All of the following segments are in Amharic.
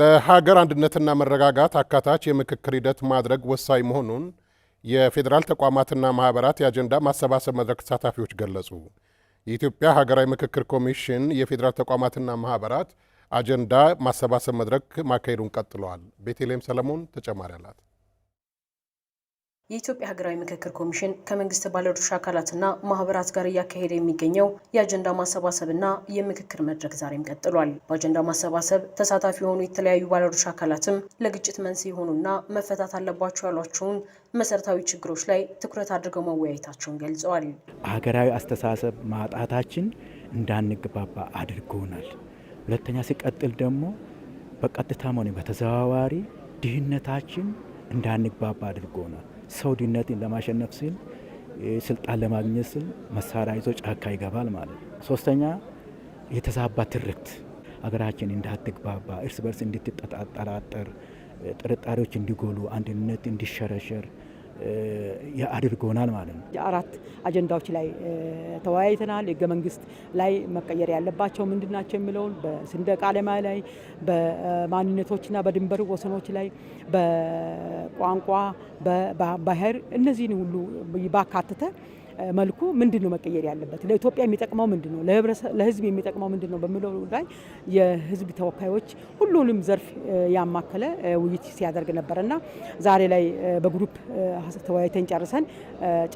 ለሀገር አንድነትና መረጋጋት አካታች የምክክር ሂደት ማድረግ ወሳኝ መሆኑን የፌዴራል ተቋማትና ማህበራት የአጀንዳ ማሰባሰብ መድረክ ተሳታፊዎች ገለጹ። የኢትዮጵያ ሀገራዊ ምክክር ኮሚሽን የፌዴራል ተቋማትና ማህበራት አጀንዳ ማሰባሰብ መድረክ ማካሄዱን ቀጥለዋል። ቤተልሔም ሰለሞን ተጨማሪ አላት። የኢትዮጵያ ሀገራዊ ምክክር ኮሚሽን ከመንግስት ባለድርሻ አካላትና ማህበራት ጋር እያካሄደ የሚገኘው የአጀንዳ ማሰባሰብና የምክክር መድረክ ዛሬም ቀጥሏል። በአጀንዳ ማሰባሰብ ተሳታፊ የሆኑ የተለያዩ ባለድርሻ አካላትም ለግጭት መንስኤ የሆኑና መፈታት አለባቸው ያሏቸውን መሰረታዊ ችግሮች ላይ ትኩረት አድርገው መወያየታቸውን ገልጸዋል። ሀገራዊ አስተሳሰብ ማጣታችን እንዳንግባባ አድርጎናል። ሁለተኛ ሲቀጥል ደግሞ በቀጥታም ሆነ በተዘዋዋሪ ድህነታችን እንዳንግባባ አድርጎናል። ሰውድነትን ለማሸነፍ ሲል ስልጣን ለማግኘት ሲል መሳሪያ ይዞ ጫካ ይገባል ማለት ነው። ሶስተኛ የተዛባ ትርክት ሀገራችን እንዳትግባባ፣ እርስ በርስ እንድትጠራጠር፣ ጥርጣሬዎች እንዲጎሉ፣ አንድነት እንዲሸረሸር አድርጎናል ማለት ነው። አራት አጀንዳዎች ላይ ተወያይተናል። ህገ መንግስት ላይ መቀየር ያለባቸው ምንድን ናቸው የሚለውን በሰንደቅ ዓላማ ላይ፣ በማንነቶችና በድንበር ወሰኖች ላይ፣ በቋንቋ፣ በባህር እነዚህን ሁሉ ባካተተ መልኩ ምንድን ነው መቀየር ያለበት፣ ለኢትዮጵያ የሚጠቅመው ምንድን ነው፣ ለህዝብ የሚጠቅመው ምንድን ነው በሚለው ላይ የህዝብ ተወካዮች ሁሉንም ዘርፍ ያማከለ ውይይት ሲያደርግ ነበር እና ዛሬ ላይ በግሩፕ ተወያይተን ጨርሰን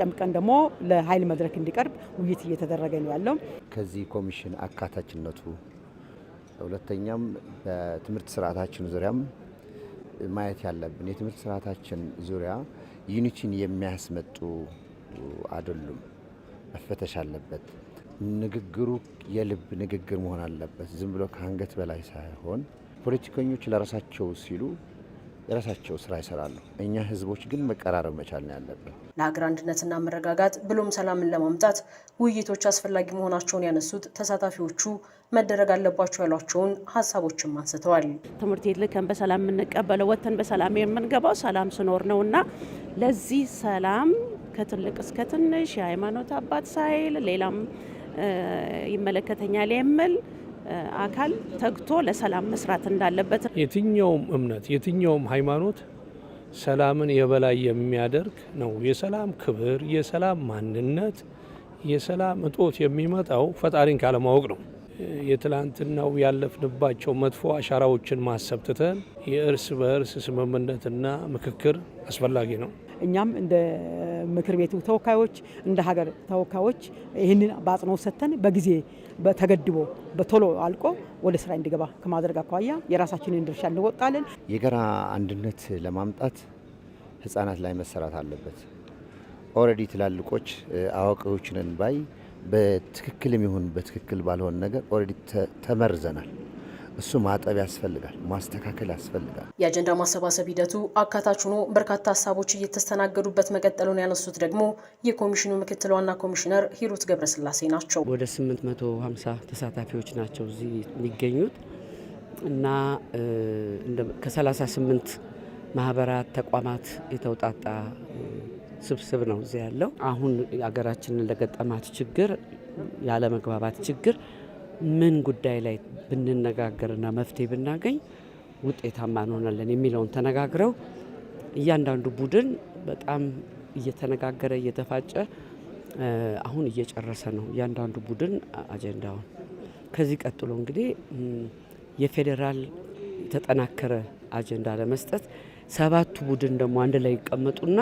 ጨምቀን ደግሞ ለኃይል መድረክ እንዲቀርብ ውይይት እየተደረገ ነው ያለው። ከዚህ ኮሚሽን አካታችነቱ ሁለተኛም በትምህርት ስርዓታችን ዙሪያም ማየት ያለብን የትምህርት ስርዓታችን ዙሪያ ዩኒቲን የሚያስመጡ አይደሉም። መፈተሽ አለበት። ንግግሩ የልብ ንግግር መሆን አለበት። ዝም ብሎ ከአንገት በላይ ሳይሆን ፖለቲከኞች ለራሳቸው ሲሉ የራሳቸው ስራ ይሰራሉ። እኛ ህዝቦች ግን መቀራረብ መቻል ነው ያለብን። ለሀገር አንድነትና መረጋጋት ብሎም ሰላምን ለማምጣት ውይይቶች አስፈላጊ መሆናቸውን ያነሱት ተሳታፊዎቹ መደረግ አለባቸው ያሏቸውን ሀሳቦችም አንስተዋል። ትምህርት ቤት ልከን በሰላም የምንቀበለው ወተን በሰላም የምንገባው ሰላም ስኖር ነው እና ለዚህ ሰላም ከትልቅ እስከ ትንሽ የሃይማኖት አባት ሳይል ሌላም ይመለከተኛል የሚል አካል ተግቶ ለሰላም መስራት እንዳለበት የትኛውም እምነት የትኛውም ሃይማኖት ሰላምን የበላይ የሚያደርግ ነው። የሰላም ክብር፣ የሰላም ማንነት፣ የሰላም እጦት የሚመጣው ፈጣሪን ካለማወቅ ነው። የትላንትናው ያለፍንባቸው መጥፎ አሻራዎችን ማሰብ ትተን የእርስ በእርስ ስምምነትና ምክክር አስፈላጊ ነው። እኛም እንደ ምክር ቤቱ ተወካዮች እንደ ሀገር ተወካዮች ይህንን በአጽንኦት ሰጥተን በጊዜ ተገድቦ በቶሎ አልቆ ወደ ስራ እንዲገባ ከማድረግ አኳያ የራሳችንን ድርሻ እንወጣለን። የጋራ አንድነት ለማምጣት ህጻናት ላይ መሰራት አለበት። ኦልሬዲ ትላልቆች አዋቂዎችንን ባይ በትክክልም ይሁን በትክክል ባልሆን ነገር ኦልሬዲ ተመርዘናል። እሱ ማጠብ ያስፈልጋል፣ ማስተካከል ያስፈልጋል። የአጀንዳ ማሰባሰብ ሂደቱ አካታች ሆኖ በርካታ ሀሳቦች እየተስተናገዱበት መቀጠሉን ያነሱት ደግሞ የኮሚሽኑ ምክትል ዋና ኮሚሽነር ሂሩት ገብረስላሴ ናቸው። ወደ 850 ተሳታፊዎች ናቸው እዚህ የሚገኙት እና ከ38 ማህበራት፣ ተቋማት የተውጣጣ ስብስብ ነው እዚህ ያለው። አሁን ሀገራችንን ለገጠማት ችግር ያለመግባባት ችግር ምን ጉዳይ ላይ ብንነጋገርና መፍትሄ ብናገኝ ውጤታማ እንሆናለን የሚለውን ተነጋግረው እያንዳንዱ ቡድን በጣም እየተነጋገረ እየተፋጨ አሁን እየጨረሰ ነው እያንዳንዱ ቡድን አጀንዳውን። ከዚህ ቀጥሎ እንግዲህ የፌዴራል የተጠናከረ አጀንዳ ለመስጠት ሰባቱ ቡድን ደግሞ አንድ ላይ ይቀመጡና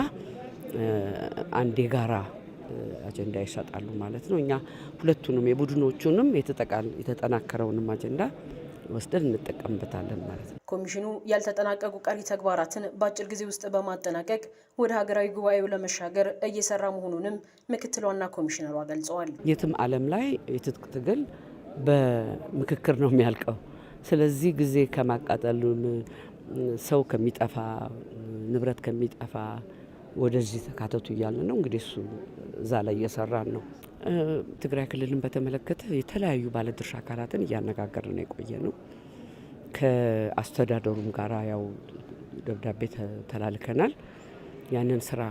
አንድ የጋራ አጀንዳ ይሰጣሉ ማለት ነው። እኛ ሁለቱንም የቡድኖቹንም የተጠናከረውንም አጀንዳ ወስደን እንጠቀምበታለን ማለት ነው። ኮሚሽኑ ያልተጠናቀቁ ቀሪ ተግባራትን በአጭር ጊዜ ውስጥ በማጠናቀቅ ወደ ሀገራዊ ጉባኤው ለመሻገር እየሰራ መሆኑንም ምክትል ዋና ኮሚሽነሯ ገልጸዋል። የትም ዓለም ላይ የትጥቅ ትግል በምክክር ነው የሚያልቀው። ስለዚህ ጊዜ ከማቃጠሉም ሰው ከሚጠፋ ንብረት ከሚጠፋ ወደዚህ ተካተቱ እያለ ነው እንግዲህ እሱ እዛ ላይ እየሰራን ነው። ትግራይ ክልልን በተመለከተ የተለያዩ ባለድርሻ አካላትን እያነጋገር ነው የቆየ ነው። ከአስተዳደሩም ጋር ያው ደብዳቤ ተላልከናል። ያንን ስራ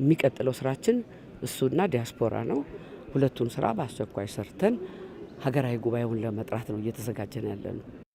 የሚቀጥለው ስራችን እሱና ዲያስፖራ ነው። ሁለቱን ስራ በአስቸኳይ ሰርተን ሀገራዊ ጉባኤውን ለመጥራት ነው እየተዘጋጀን ያለ ነው።